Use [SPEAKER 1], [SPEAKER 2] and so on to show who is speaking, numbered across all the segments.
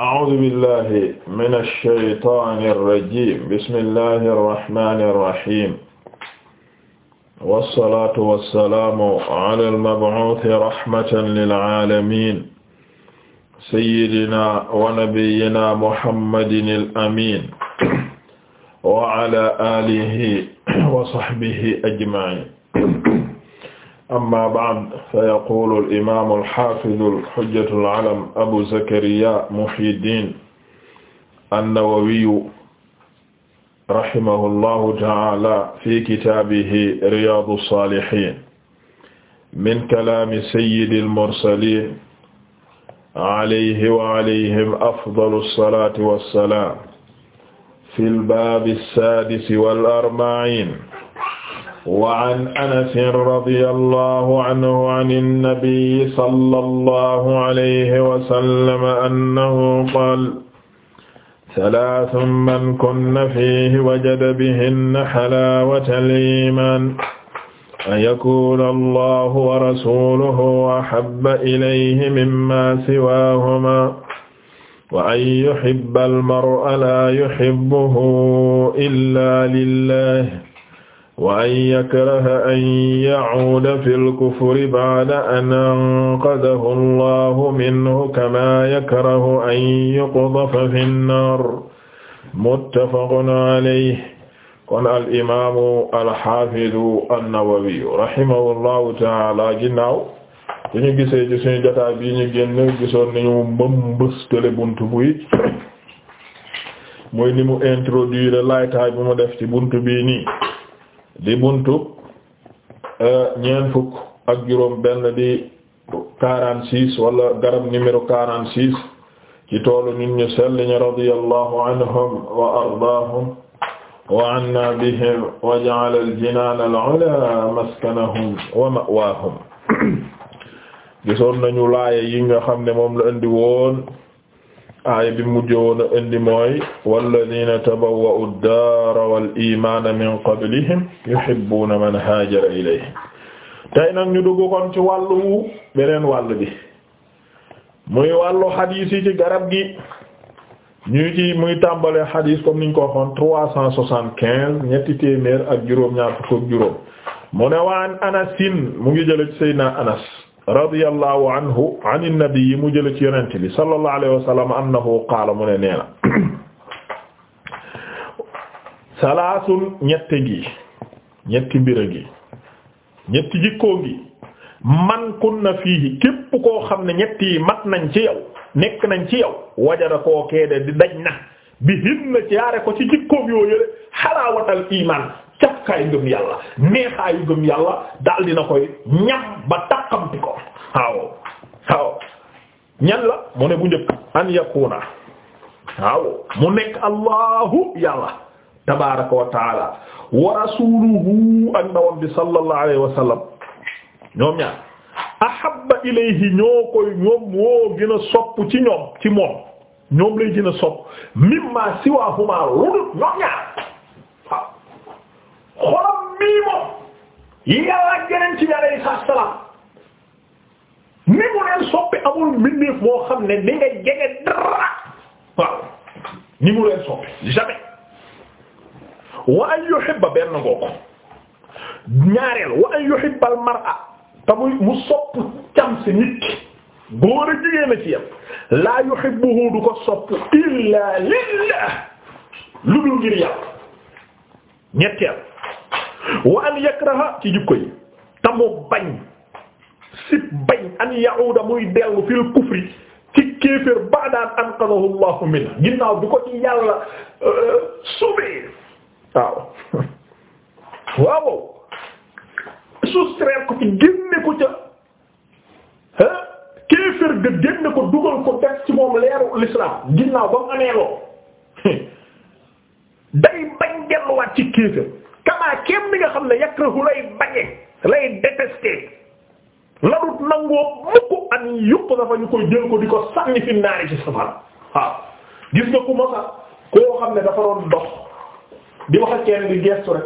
[SPEAKER 1] أعوذ بالله من الشيطان الرجيم بسم الله الرحمن الرحيم والصلاة والسلام على المبعوث رحمة للعالمين سيدنا ونبينا محمد الأمين وعلى آله وصحبه أجمعين amma ba'd fa yaqulu al-imaam al-haafiz hujjatu al-alam abu zakariya muhyiddin an-nawawiy rahimahullahu ta'ala fi kitaabihi riyaadu saalihiin min kalaami sayyidil mursaliin alayhi wa alayhim afdalu salaati wa salaam fil baabi saadisi wal arba'iin وعن أنس رضي الله عنه عن النبي صلى الله عليه وسلم أنه قال ثلاث من كن فيه وجد بهن حلاوة الإيمان أن يكون الله ورسوله أحب إليه مما سواهما وأن يحب المرء لا يحبه إلا لله wa an yakraha an ya'uuda fil kufri ba'da an anqadahu Allahu minhu kamaa yakrahu an yuqdafa fin naar muttafaqun alayhi kon al imaamu al haafidu an-Nawawi rahimahullahu ta'aala ginnaaw bi ñu gisee ci suñu jotaay bi ñu génn gisoon nañu mbëmbëstale buntu buy muy ni mu introduire laytaay bi mu def ci buntu bii nii. di buntu euh, ñeent fukk ak juróom benn di quarante six wala garab numéro quarante six ci toolu nit ñu sell ñi radiyallahu wa ardaahum wa anna bihim wa ja'ala al-jinaana al-'ulaa maskanahum wa ma'waahum gisoon nañu laaya yi nga xam ne moom la indi woon aaya bi mujj woon a indi mooy walladina tabawwa'u ad-daara wal iimaana min qablihim yuhibbuuna man haajara ilayhim tey nag ñu dugg kon ci wàllu beneen wàll bi muy wàllu xadiis yi ci garab gi ñu ci muy tàmbalee xadiis comme niñ ko waxoon trois cent soixante quinze ñetti téeméer ak juróom ñaar fukk ak juróom mu ne waan anasin mu ngi jële ci Seydina Anas radiyallahu anhu an an-nabi mu jële ci yonent bi sallallahu alayhi wa sallam annahu mu ne nee na salaasun ñetti gi ñetti mbir gi ñetti jikkoo gi man kunna fiihi képp koo xam ne ñetti yi mat nañ ci yow nekk nañ ci yow wajada ko keede di daj na bi hinna ci yaare ko ci jikkoom yoo yële xalaawatal iman ñàkkaayu ngëm yàlla neexaayu ngëm yàlla koy ñam ba takkamti ko waaw waaw ñan la mu ne bu njëkk an yakuna waaw mu nekk allahu yàlla tabaaraka wa taala wa rasuluhu ak ndawam bi sallallahu alayhi wa ñoom ñaar ahabba ilayhi ñoo koy ñoom moo gën a sopp ci ñoom ci moom ñoom lay gën a sopp mimma siwahuma lu dul ñoom ñaar yii moom yi yàlla ak yeneen ci yàlla yi saa salaam ni mu leen soppi amul mbindeef moo xam ne ni nga jege dara waaw ni mu leen soppi jamais wa an yuhibba benn ngoo ko ñaareel wa an yuhibba al mar'a te muy mu sopp cam si nit góor a jigéen a ci yam laa yuhibbuhu du ko sopp illa lillah lu dul ngir yàlla ñetteel wa an yakraha ci jikko yi tamu bañ sib bañ an ya'uda muy dellu fil kufri ci kéeféer ba'da an anqadahu Allahu ginnaaw bi ko ci yàlla euh, sauvé waaw waaw soustraire ko ci génne ko ca ah kéeféer génne ko dugal ko def ci moom leeru l'islam ginnaaw ba mu amee loo day bañ delluwaat ci kéeféer kamaa kéem bi nga xam ne yakrahu lay bañe lay détester la dut nangoo mukk an yupp dafa ñu koy jël ko di ko sànni fi naari ci safara waaw gis nga ku masa koo xam ne dafa doon dox di wax ak kenn di gestu rek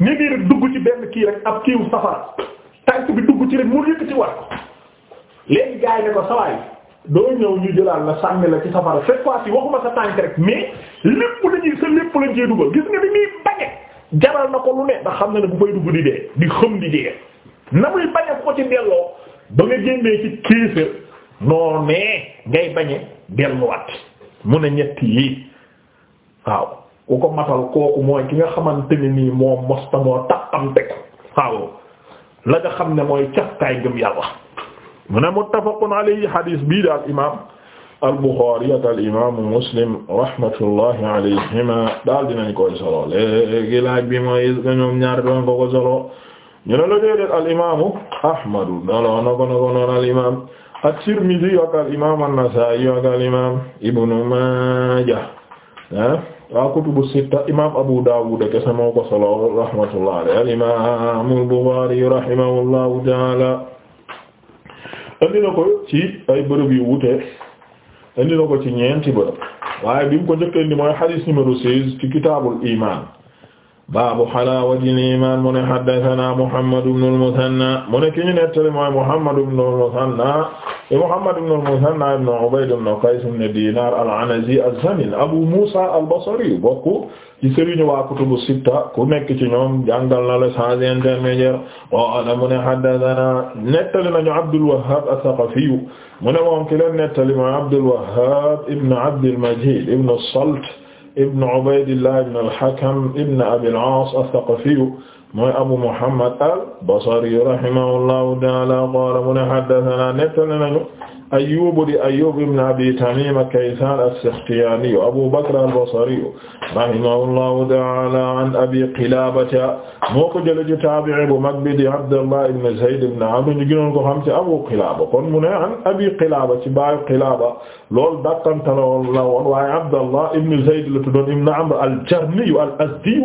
[SPEAKER 1] ni ngi dugg ci benn kii rek ab kiiwu safara tànk bi dugg ci rek mu yëkkati war ko léegi gaay ne ko sawaay doo ñëw ñu jëlaat la sànni la ci safara cette fois ci waxuma sa tànk rek mais lépp lañuy sa lépp lañ cee dugal gis nga bi muy bañe jaral na ko lu ne ndax xam na ne bu bay dugg di dee di xëm di dee na muy bañ a ko ci delloo ba nga génnee ci kéefër noonee ngay bañe delluwaat mu ne ñett yii waaw ku ko matal kooku mooy ki nga xamante ne nii moo mos tamoo taqamte ko waaw la nga xam ne mooy cafkaay ngëm yàlla mu ne muttafaqun alayhi hadis bii daal imaam al-Bukhari ak al Muslim rahmatullahi alayhima daal laaj bi mooy est ñoom ñaar doon ko solo ñu ne la déedéet al-imaamu al-imaam al-imaam an-Nasaa'i ak imaam Ibnu Maajah ah imaam Abu Daawud kese moo ko solo rahmatullahi al-imaam al-Bukhari rahimahullahu ta'ala andi na ko ci ay bërëb yu wuute indi na ko ci ñeenti bërëb waaye bi mu ko njëkk indi mooy hadith numéro 16 ci kitaabul iman baabu xalaawati liimaan mu ne haddasanaa Muhammad ibn al-Musanna mu ne ki ñu nettali mooy Muhammad ibn al-Musanna e Muhammad ibn al-Musanna ibn Ubayd ibn Qays ibn Diinaar al-Anazi az-Zamin Abu Muusaa al-Basri bokk ci sëriñu waa kutubu sitta ku nekk ci ñoom jàngal na la sans intermédiaire qaala mu ne haddasanaa nettali nañu Abdul Wahhaab as-Saqafi mu ne moom ki leen nettali mooy Abdul Wahhaab ibn Abdul Majiid ibn as-Salt ibn Ubaydillah ibn al-Hakam ibn Abi al-Aas as-Saqafi mooy Abu Muhammad al-Basri rahimahullahu ta'ala qaala mu ne haddathana nettali nañu Ayyub di Ayyub ibn Abi Tamim Kaysan as-Sakhtiyani Abu Bakr al-Basri rahimahullahu ta'ala an Abi Qilabata moo ko jëlee ci taabi'i bu mag bi di Abdullah ibn Zayd ibn Amr ñu gënoon ko xam ci Abu Qilaba kon mu ne an Abi Qilaba ci baayu Qilaba loolu dàqanta la woon waaye Abdullah ibn Zayd la tuddoon ibn Amr al-Jarmi al-Azdi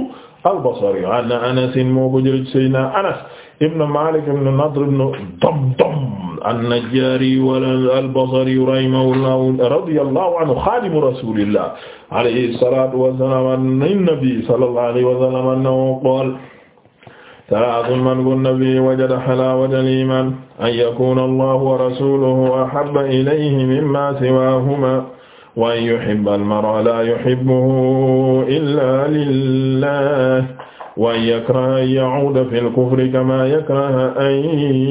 [SPEAKER 1] al-Basri an Anas moo ko jëlee Seydina Anas ibn Malik ibn Nadr ibn Damdam an-Najjari al-Basri rahimahullahu radiyallahu anhu xaadimu rasulillah alayhi salatu wassalam an-nabi sallallahu alayhi wa sallam annahu qaala salaatun man kunna fiihi wajada halaawata al-iimaan an yakuuna Allahu wa rasuluhu ahabba ilayhi mimmaa siwaahumaa wa an yuhibba al-mar'a la yuhibbuhu illa lillah wa an yakraha an ya'uuda fil kufri kama yakraha an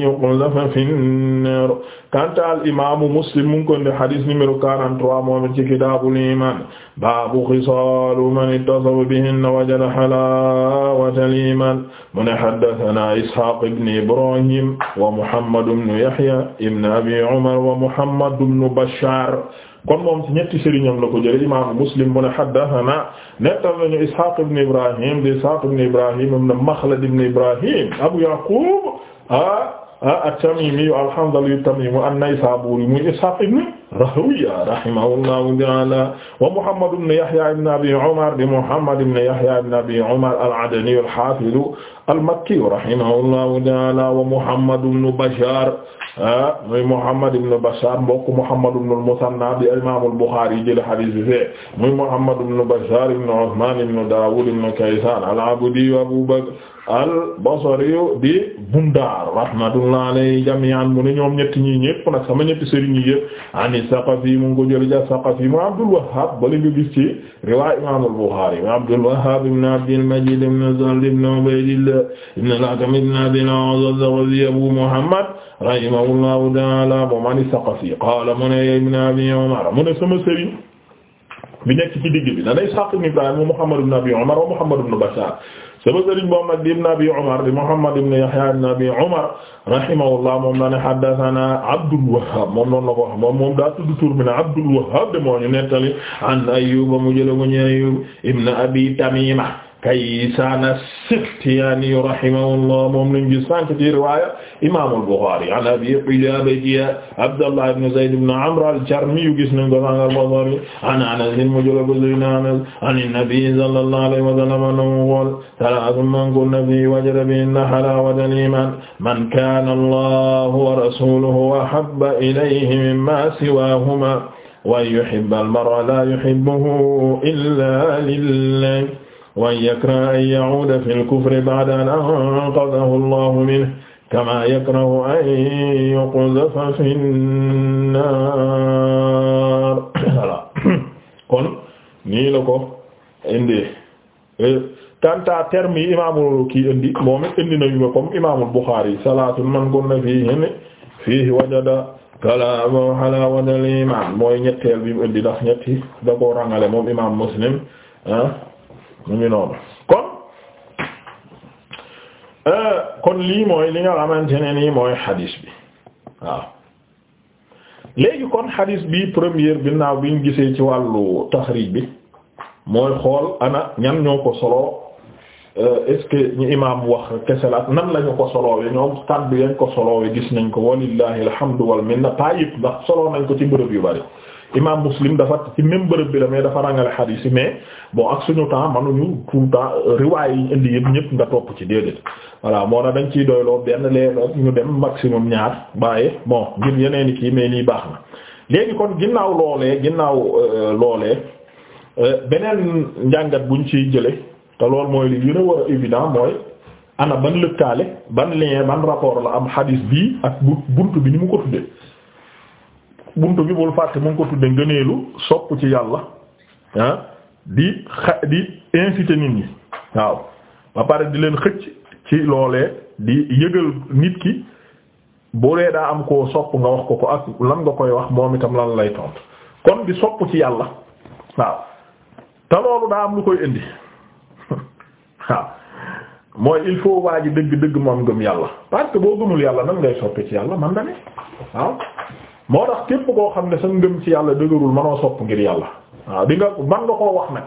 [SPEAKER 1] yuqdhafa fin-naar kanta al imaamu Muslim mu ngi ko indi hadis numéro 43 moom ci kitaabul iimaan baabu xisaalu man ittasaba bihinna wajada halaawatal iimaan mu ne haddasanaa Ishaaq ibn Ibraahiim wa Muhammad ibn Yahyaa ibn Abii Umar wa Muhammad ibn Bashaar kon moom ci ñetti sëriñam la ko jëlee imaamu muslim mu ne haddathana nettal nañu Ishaq ibn Ibrahim di Ishaq ibn Ibrahim ibn Makhlad ibn Ibrahim Abu Yaqub ah ah at-Tamimi al-Hanzali at-Tamimi an-Naysaburi muy Ishaq ibn Rahawayh rahimahullahu ta'ala wa Muhammad ibn Yahya ibn Abi Umar di Muhammad ibn Yahya ibn Abi Umar al-Adani al-Hafiz al-Makki rahimahullahu ta'ala wa Muhammad ibn Bashar muy Muhammad ibn Bashar mbokk Muhammad ibn al-Muthanna di Imam al-Bukhari jël hadith bi muy Muhammad ibn Bashar ibn Uthman ibn Dawud ibn Kaysan al-Abdi Abu Bakr al-Basri di Bundar rahmatullahi alayhi jami'an mu ne ñoom ñetti ñi ñépp nag sama ñetti sëriñ yi ani Saqafi mu ngi ko jëlee ca Saqafi mu Abdul Wahhab bala nga gis ci riwaay Imaam al-Bukhari mu Abdul Wahhab ibn Abdil Majid ibn Zalb ibn Ubaydillah ibn al-Hakam ibn Abil A'z az-Zaghawi Abu Muhammad rahimahullahu ta'ala moom ani Saqafi qaala mu ne ibn Abi Umar mu ne sama sëriñ bi nekk ci digg bi da ngay Saqafi Ibrahim Muhammad ibn Abi Umar wa Muhammad ibn Bashar se sëriñ moom nag di ibn abi umar di muhammad ibn yahya ibn abi umar rahimahullah moom na ne haddathana abdul wahhab moom noonu la ko wax abdul wahhab de moo ñu nettali an ayyub mu jële abi tamima Kaysaan as-Sikhtiyaani rahimahullah moom lañ gis sànq ci riwaaya Imaamul Buxaari an Abi Qudaaba ji Abdallah ibn Zayd ibn Amr al-Jarmi gis nañ ko sànq al-Buxaari an Anas mu jëloon ko Seydina Anas an an-Nabi sallallahu alayhi wa sallam annahu qaala salaatun man kunna fiihi wajada bihinna halaawata al-iimaan man kaana Allahu wa rasuuluhu ahabba ilayhi mimmaa siwaahumaa wa an yuhibba al-mar'a laa yuhibbuhu illaa lillaah wa yakrahu an ya'uuda fil kufri ba'da an anqadahu Allahu minhu kamaa yakrahu an yuqdhafa fin naar voilà kon nii la ko indi kanta terme yi imaamul kii indi moom it indi nañu ko comme imaamul Buxaari salaatun man kunna fiihinna fiihi wajada kalaama halaawatal iimaan mooy ñetteel bi mu indi ndax ñetti da ko rangale moom imaam Muslim ah mu ngi noonu kon euh, kon lii mooy li nga xamante ne nii mooy xadiis bi waaw léegi kon xadiis bi première bi naaw bi ñu gisee ci wàllu taxriij bi mooy xool ana ñan ñoo ko solo euh, est-ce que ñu imaam wax kese la nan lañu ko soloowe ñoom kàddu yañ ko soloowe gis nañ ko walillahi alhamdu wal minna pa yëpp ndax soloo nañ ko ci bërëb yu bari imam muslim dafa ci même bi la mais dafa rangale xadiis yi mais boo ak suñu temps manuñu u le temps euh, riwaay yi indi yëpp ñëpp nga topp ci déedéet voilà moo na dañ ciy doyloo benn leeroog ñu dem maximum ñaar bàyye moo ngir yeneen kii mais nii baax na léegi kon ginnaaw loolee ginnaaw euh, loolee euh, beneen njàngat buñ ciy jële te loolu mooy li gën a war a évident mooy ana ban lëkkaale ban lien ban rapport la am xadiis bii ak bunt bi ni mu ko tudde buntu bi bul fàtte mu ngi ko tudde ngëneelu sopp ci yàlla ah di xa di inciter nit ñi waaw ba pare di leen xëcc ci loolee di yëgal nit ki boo lee daa am koo sopp nga wax ko ko ak lan nga koy wax moom itam lan lay tontu kon di sopp ci yàlla waaw te loolu daa am lu koy indi waaw mooy il faut waa ji dëgg dëgg moom gëm yàlla parce que boo gëmul yàlla nan ngay soppe ci yàlla man da ne waaw moo tax képp koo xam ne sa ngëm ci yàlla dëgërul manoo sopp ngir yàlla waaw di nga man nga koo wax nag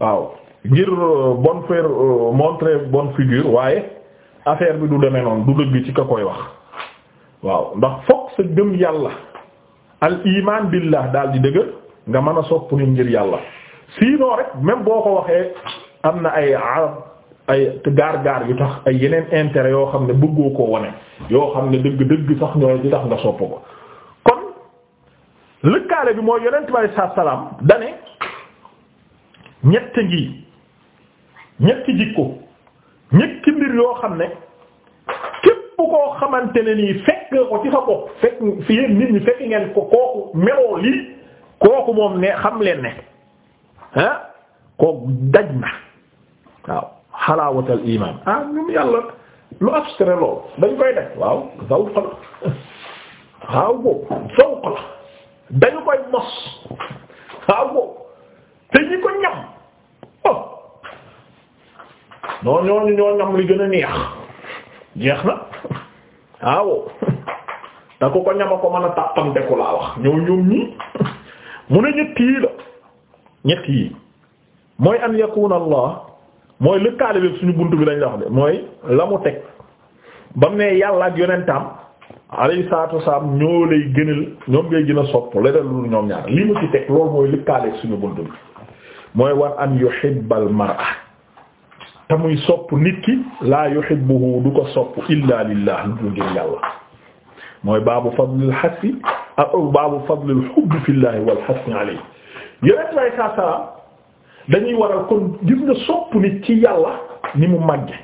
[SPEAKER 1] waaw ngir euh, bonne faire euh, montrer bonne figure waaye affaire bi du demee noonu du dëgg ci ka koy wax waaw ndax fokk sa ngëm yàlla al iman billah daal di dëgër nga mën a sopp ni ngir yàlla sinon rek même boo ko waxee am na ay arab ay gaar-gaar yu tax ay yeneen intérêt yoo xam ne bëggoo ko wane yoo xam ne dëgg dëgg sax ñooy di tax nga sopp ko lëkkaale bi mooy yonent bi alayhi salaam dane ñett ngi ñetti jikko ñetti mbir yoo xam ne képp koo xamante ne nii fekk ko ci sa bopp fekk fi nit ñi fekk ngeen ko kooku meloo lii kooku moom ne xam leen ne ah kooku daj na waaw xalaawatal iman ah ñun yàlla lu abstrait dañ koy def waaw zawq la waaw boobu la dañu koy mos waaw ko te ñi ko ñam oh non ñoo ñam li gën a neex jeex na waaw da ko ko ñama ko mën a tàppante ko laa wax ñoo ñoom ñii mu ne ñett yi la ñett yi mooy an yakuna allah mooy lëkkaale bi suñu bunt bi lañ la de mooy la mu teg ba mu ne yàlla ak yonentam alayhi salaatu wasalaam ñoo lay gënal ñoom ngay gën a sopp leneen lu ñoom ñaar li mu ci teg loolu mooy lëkkaaleeg suñu bunt bi mooy war an yuhibbal mar'a te muy sopp nit ki laa yuhibbuhu du ko sopp illa lillah lu ngir yàlla mooy baabu fadlil hassi ak baabu fadlil hubbi fillahi wal hassi alayhi yeneen way saa dañuy waral kon gis nga sopp nit ci yàlla ni mu màgge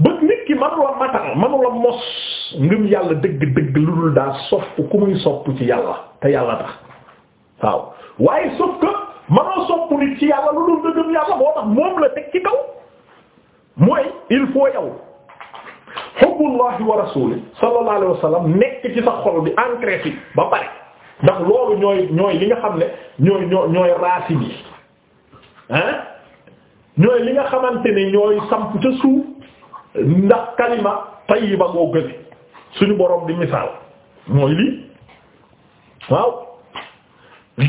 [SPEAKER 1] ba nit ki manula matal manula mos ngëm yàlla dëgg-dëgg lu dul daa sopp ku muy sopp ci yàlla te yàlla tax waaw waaye sopp que mënoo sopp nit ci yàlla lu dul ngëm yàlla boo tax moom la teg ci kaw mooy il faut yow hubbullahi wa rasuli sallallahu alayhi wa sallam nekk ci sa xol bi ancré fi ba pare ndax loolu ñooy ñooy li nga xam ne ñooy ñooy racine yi ñooy li nga xamante ni ñooy samp ca suuf ndax kalima tayyiba goo gëne suñu boroom di misaal mooy lii waaw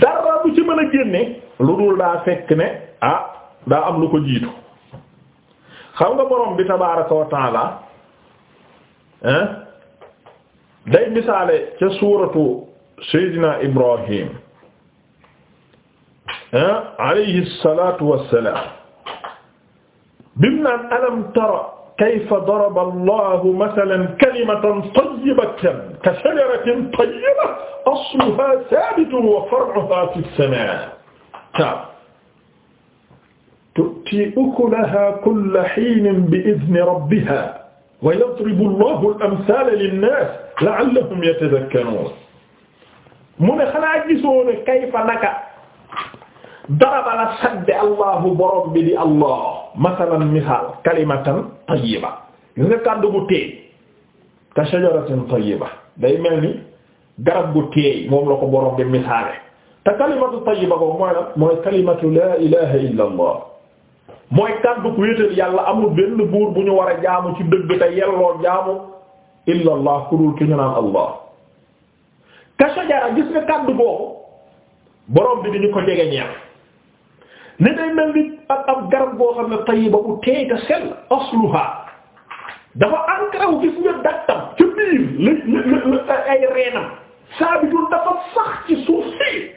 [SPEAKER 1] dara bu ci mën a génne lu dul daa fekk ne ah daa am lu ko jiitu xam nga boroom bi tabaaraka wa taala hein day misaale ca suuratu seydina ibrahim hein alayhi salaatu wassalaam bim naan alam tara kayfa daraba allahu masalan kalimatan tayyibatan ka shajaratin tayyibatin asluha thabitun wa far'uha fi as-samaa' tu'ti ukulaha kulla hiinin bi'izni rabbiha wa yadribu allahu al-amthaala linnaas la'allahum yatadhakkaruun mu ne xanaa gisoo ne kayfa naka daraba la sadde allahu borom bi di allah masalan misaal kalimatan tayyiba gis nga kàddu gu teey ka shajaratin tayyiba day mel ni garab gu teey moom la ko borom bi misaale te kalimatu tayyiba ko mooy la mooy kalimatu laa ilaha illa allah mooy kàddu ku wéetal yàlla amul benn buur bu ñu war a jaamu ci dëgg te yelloo jaamu illa allah ku dul ki ñu naan allah ka shajara gis nga kàddu boobu borom bi di ñu ko jege ñeex li day mel ni ak ab garab goo xam ne tayyiba bu teey te sell asluha dafa ancraw gis nga dattam ci biir la ay reenam saabitun dafa sax ci suuf si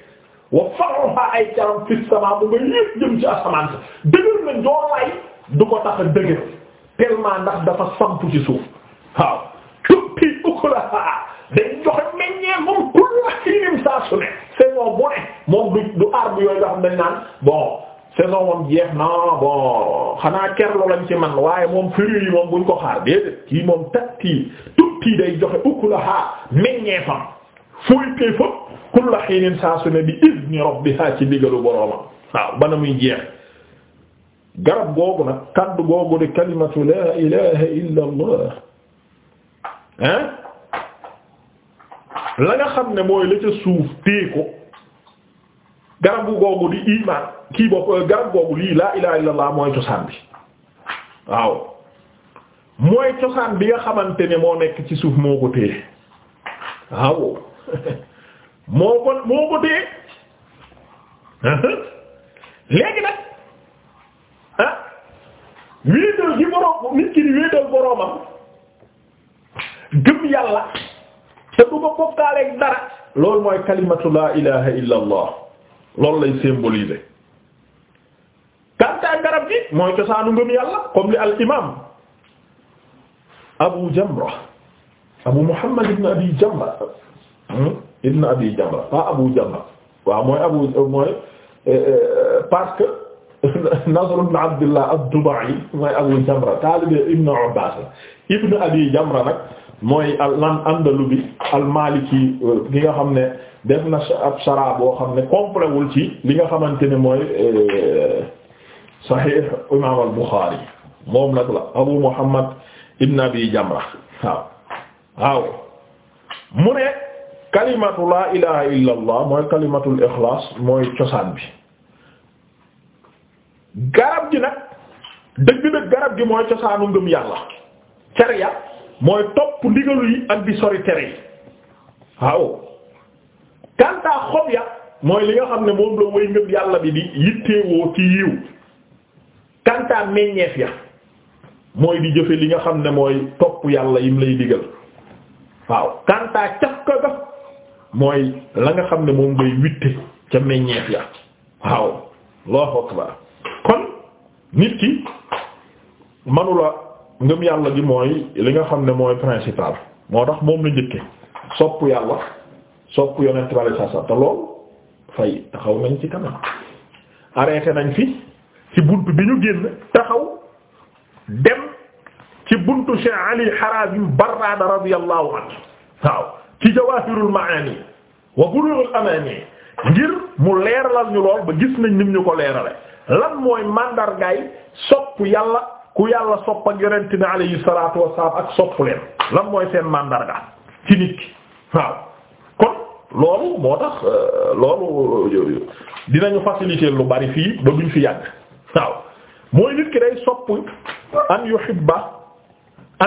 [SPEAKER 1] wa faruha ay caram fi sama bu nga yépp jëm ci asamaan sa dëgër na njoolaay du ko tax a dëgër tellement dafa sampu ci suuf waaw tuppi ukulaha day joxe meññee moom kullu hiinin saa su ne moom du du arbre yooyu nga xam ne dañ naan jeex na bon xanaa kerlu lañ man waaye moom fruits moom buñ ko xaar déedéet kii moom tatti tutti day joxe ukulaha meññeefam fooytee fa kulla hiinin saa su ne bi izni rabbiha ci digalu boroomam waaw bana muy jeex garab googu nag kaddu googu di kalimatu la ilaha illa allah hein la nga xam ne mooy la ca suuf téye garabu googu di iman kii bopp euh, garab googu lii laa ilaha illallah mooy cosaan bi waaw mooy cosaan bi nga xamante ne moo nekk ci suuf moo ko téye waaw moo ko moo ko téye léegi nag ah wéetal di boroomam gëm yàlla te du ko bokkaaleeg dara loolu mooy kalimatu laa ilaha illallah loolu lay symboliser kantaa garab gi mooy cosaanu ngëm yàlla comme li al imam abu jamra abu muhammad ibn abi jamra hmm, ibn abu jamra waaw mooy abu mooy eh, eh, ibn abdullah ad-dubai mooy abu jamra taalibe ibn abbas ibn abi jamra nag mooy al andalubi al maliki euh, gi nga xam ne def na ab sara boo xam ne complet ci li nga xamante ni mooy euh, sahih imam al bukhari moom nag la abu muhammad ibn abi jamra waaw waaw mu ne kalimatu la ilaha illa allah mooy kalimatul ixlaas mooy cosaan bi garab gi nag dëgg nag garab gi mooy cosaanu ngëm yàlla cere ya mooy topp ndigalu yi ak di sori tere yi waaw kantaa xob ya mooy li nga xam ne moom la way ngëm yàlla bi di yitteewoo ci yiw kantaa meññeef ya mooy di jëfe li nga xam ne mooy topp yàlla yim lay digal waaw kantaa cafka ga mooy la nga xam ne moom ngay witte ca meññeef ya waaw Allahu akbar kon nit ki manula ngëm yàlla gi mooy li nga xam ne mooy principal moo tax moom la njëkke sopp yàlla sopp yonent bale sa sa te lool fay taxaw nañ ci kanam arrêté nañ fi ci buntu bi ñu génn taxaw dem ci buntu Cheikh Ali Harazim Barrada radiyallahu anhu waaw ci Jawahirul Maani wa Bulughul ngir mu leeralal ñu lool ba gis nañ nim ñu ko leerale lan mooy màndargaay sopp yàlla ku yàlla sopp ak yonent bi alayhi salaatu wassalaam ak sopp leen lan mooy seen mandarga ci nit ki kon loolu moo tax euh, loolu euh, dinañu faciliter lu bari fii ba duñ fi yàgg waaw mooy nit ki day sopp an yuhibba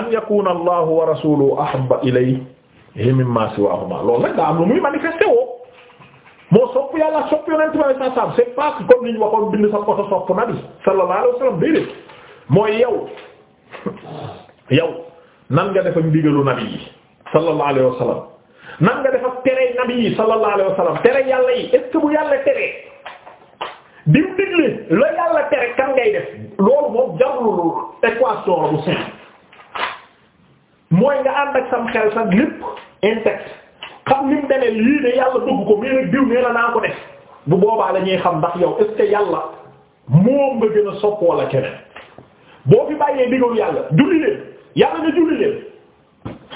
[SPEAKER 1] an yakuna allahu wa rasuluhu ahabba ilayhi eh, mimma siwahuma loolu nag daa lu muy manifesté woo moo sopp yàlla sopp yonent bi alayhi salaam c'est pas comme niñ waxoon bind sa sopp nabi sallallahu alayhi wasallam déedéet mooy yow yow nan nga def ak ndigalu nabi yi sallallahu alayhi nan nga def ak tere nabi yi sallallahu alayhi tere yàlla yi est bu yàlla teree di digle la yàlla tere kan ngay def loolu moom jarul équation bu sin mooy nga ànd ak sam xel sax lépp intact xam ni mu demee lii de yàlla dugg ko mais diw nee la naa ko def bu boobaa la ñuy xam ndax yow est ce yàlla moom nga gën a sopp wala keneen boo fi bàyyee digal yàlla julli leen yàlla ne julli leen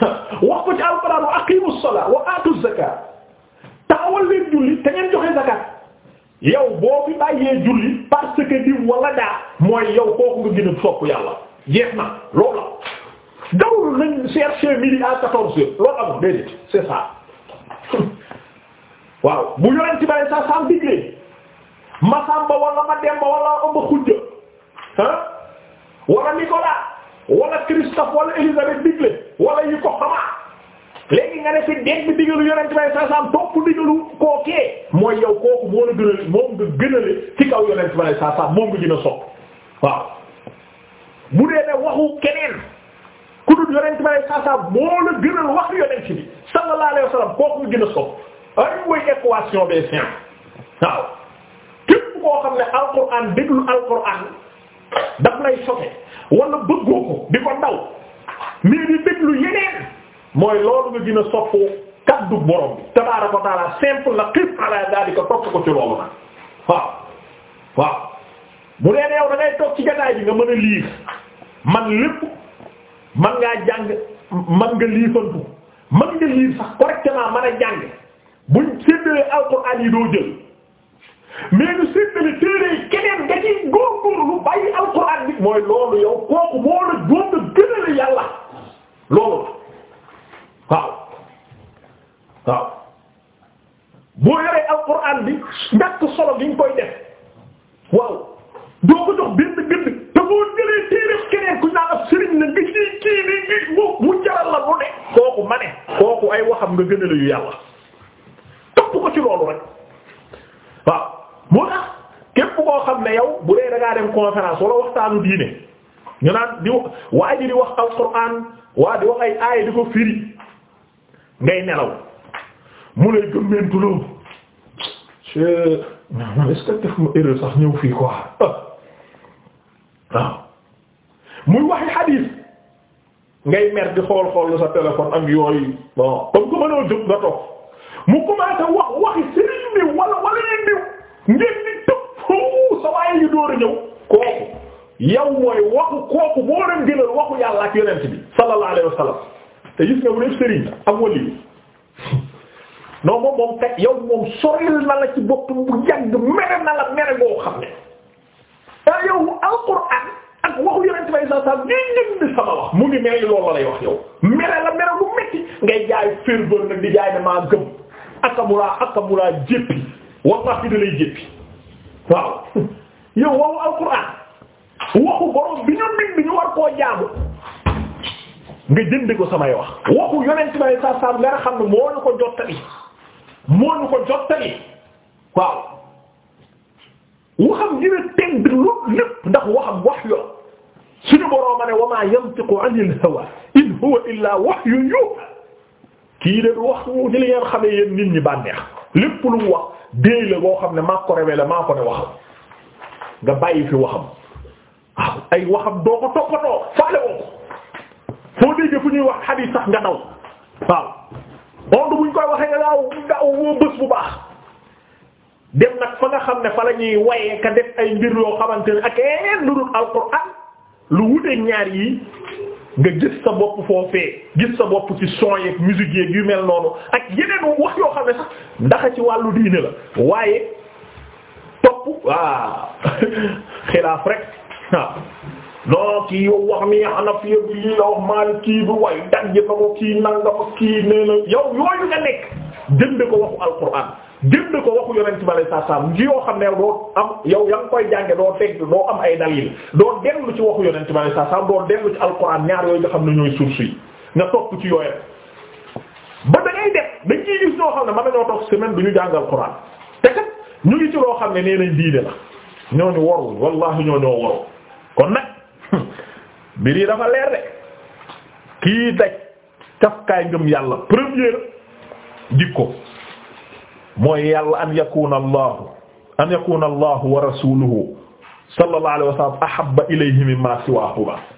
[SPEAKER 1] wax ko ci alquran wa aqimu salaa aatu zakat taxawal leen julli te ngeen joxe zakat yow boo fi bàyyee julli parce que diw wala daa mooy yow kooku nga gën sopp yàlla jeex na loolu la dawul nañ chercher midi à quatorze heures loolu amul déedéet c'est ça waaw bu yoreen ci bari sa sam diglee masamba wala ma demba wala amba xujja wala Nicolas wala Christophe wala Elisabeth digle wala yi ko xamaa léegi nga ne fi dégg bi digalu yonent bi sallallahu alayhi wasallam topp digalu kookee mooy yow kooku moo la gënal moom nga gënale kaw yonent bi sallallahu alayhi wasallam moom nga gën a sopp waaw bu dee ne waxu keneen ku dul yonent bi sallallahu alayhi wasallam moo la nga gën a sopp ay mooy équation waaw képp koo xam ne alquran déglu alquran daf lay sote wala bëggoo ko di ko daw mais di déglu yeneen mooy loolu nga gën a sopp kaddu borom bi tabaaraka wa taala simple la qif ala dalika topp ko ci loolu nag waaw waaw bu dee yow da ngay toog ci jotaay bi nga mën a liir man lépp man ngaa jàng man nga liifantu man nga liir sax correctement man a jàng buñ séddalee alxuraan yi doo jël mais ñu séddale téere yi keneen nga ciy góorgóorlu bàyyi alxuraan bi mooy loolu yow kooku moo la doon na gënale yàlla loolu la waaw waaw boo yoree alxuraan bi ñàkk solo gi ñu koy waaw doo ko jox benn gëdd te boo jëlee téere keneen ku naan ab sëriñ na nga ciy kii nii mu jaral la mu ne kooku ma ne kooku ay waxam nga gënale yu yàlla ngaa dem conférence wala waxtaanu diine ñu naan di waa ji di wax alquran waa di wax ay aaya di ko firi ngay nelaw mu lay gëmmentuloo c man est-ce sax ñëw fii quoi ah. waaw muy waxi xadiis ngay mer di xool xool sa téléphone ak yooyu comme que mënoo jóg nga toog mu commencé wax waxi sëriñ bi wala wala yi diw ngeen sa yu door a ñëw kooku yow mooy waxu kooku moo leen jëlal waxu yàlla ak yonent bi sallallahu alayhi te gis nga bu def sëriñ am wàll yi moom teg yow moom soril na la ci boppam bu yàgg mere na la mere boo xam ne te yow alquran ak waxu yonent bi sallallahu alayhi wa nii sama wax mu ngi mel ni loolu la lay wax yow mere la mere bu metti ngay jaay ferveur nag di jaay ne maa gëm akamulaa akamulaa jéppi wallahi da lay jéppi. waaw yow waxu alquran waxu borom bi ñu min bi ñu war koo jaamu nga jënd ko samay wax waxu yonent bi saa saa nga xam ne moo ñu ko jottali moo ñu ko jottali waaw waxam dina tënk lu lépp ndax waxam wax yoo suñu borom a ne wa hawa in huwa illaa wahyun yuuhaa kii de wax mu ci li ngeen xamee yéen nit ñi bànneex lépp lu mu déey la boo xam ne maa ko la maa ko ne waxal nga bàyyi fi waxam waaw ay waxam doo ko toppatoo faale woo ko foo déggee fu ñuy wax xadiis sax nga daw waaw onde buñ koy waxee nga daaw daaw bu baax dem nag fa nga xam ne fa la ñuy wayee ka def ay mbir yoo xamante ne ak yeneen lu dul alxuraan lu wute ñaar yi nga gis sa bopp foofee gis sa bopp ci son yeeg musique yeeg yu mel noonu ak yeneen wax yoo xam ne sax ndax ci wàllu diine la waaye topp waa xilaaf rek waaw non kii yow wax mi Hanafi bi lii la wax Maliki bi way dagg na kii nanga kii nee na yow yooyu nga nekk jënd ko waxu alquran jënd ko waxu yonent bi sallallahu alayhi wasallam yoo xam ne doo am yow ya nga koy jànge doo teg doo am ay dalil doo dellu ci waxu yonent bi sallallahu alayhi wasallam doo dellu ci alquran ñaar yooyu nga xam ne ñooy source yi nga topp ci yooyu ba da ngay def dañ ciy gis ñoo xam ne mën nañoo toog semaine du ñu jàng alquran te kat ñu ngi ci loo xam ne nee nañ diine la ñooñu warul wallahi ñoo ñoo warul kon nag mbir yi dafa leer de kii daj cafkaay ngëm yàlla première mooy yàlla an yakuna allahu an yakuna allahu wa rasuluhu sallallahu alayhi wa sallam ahabba ilayhi mimma siwahuma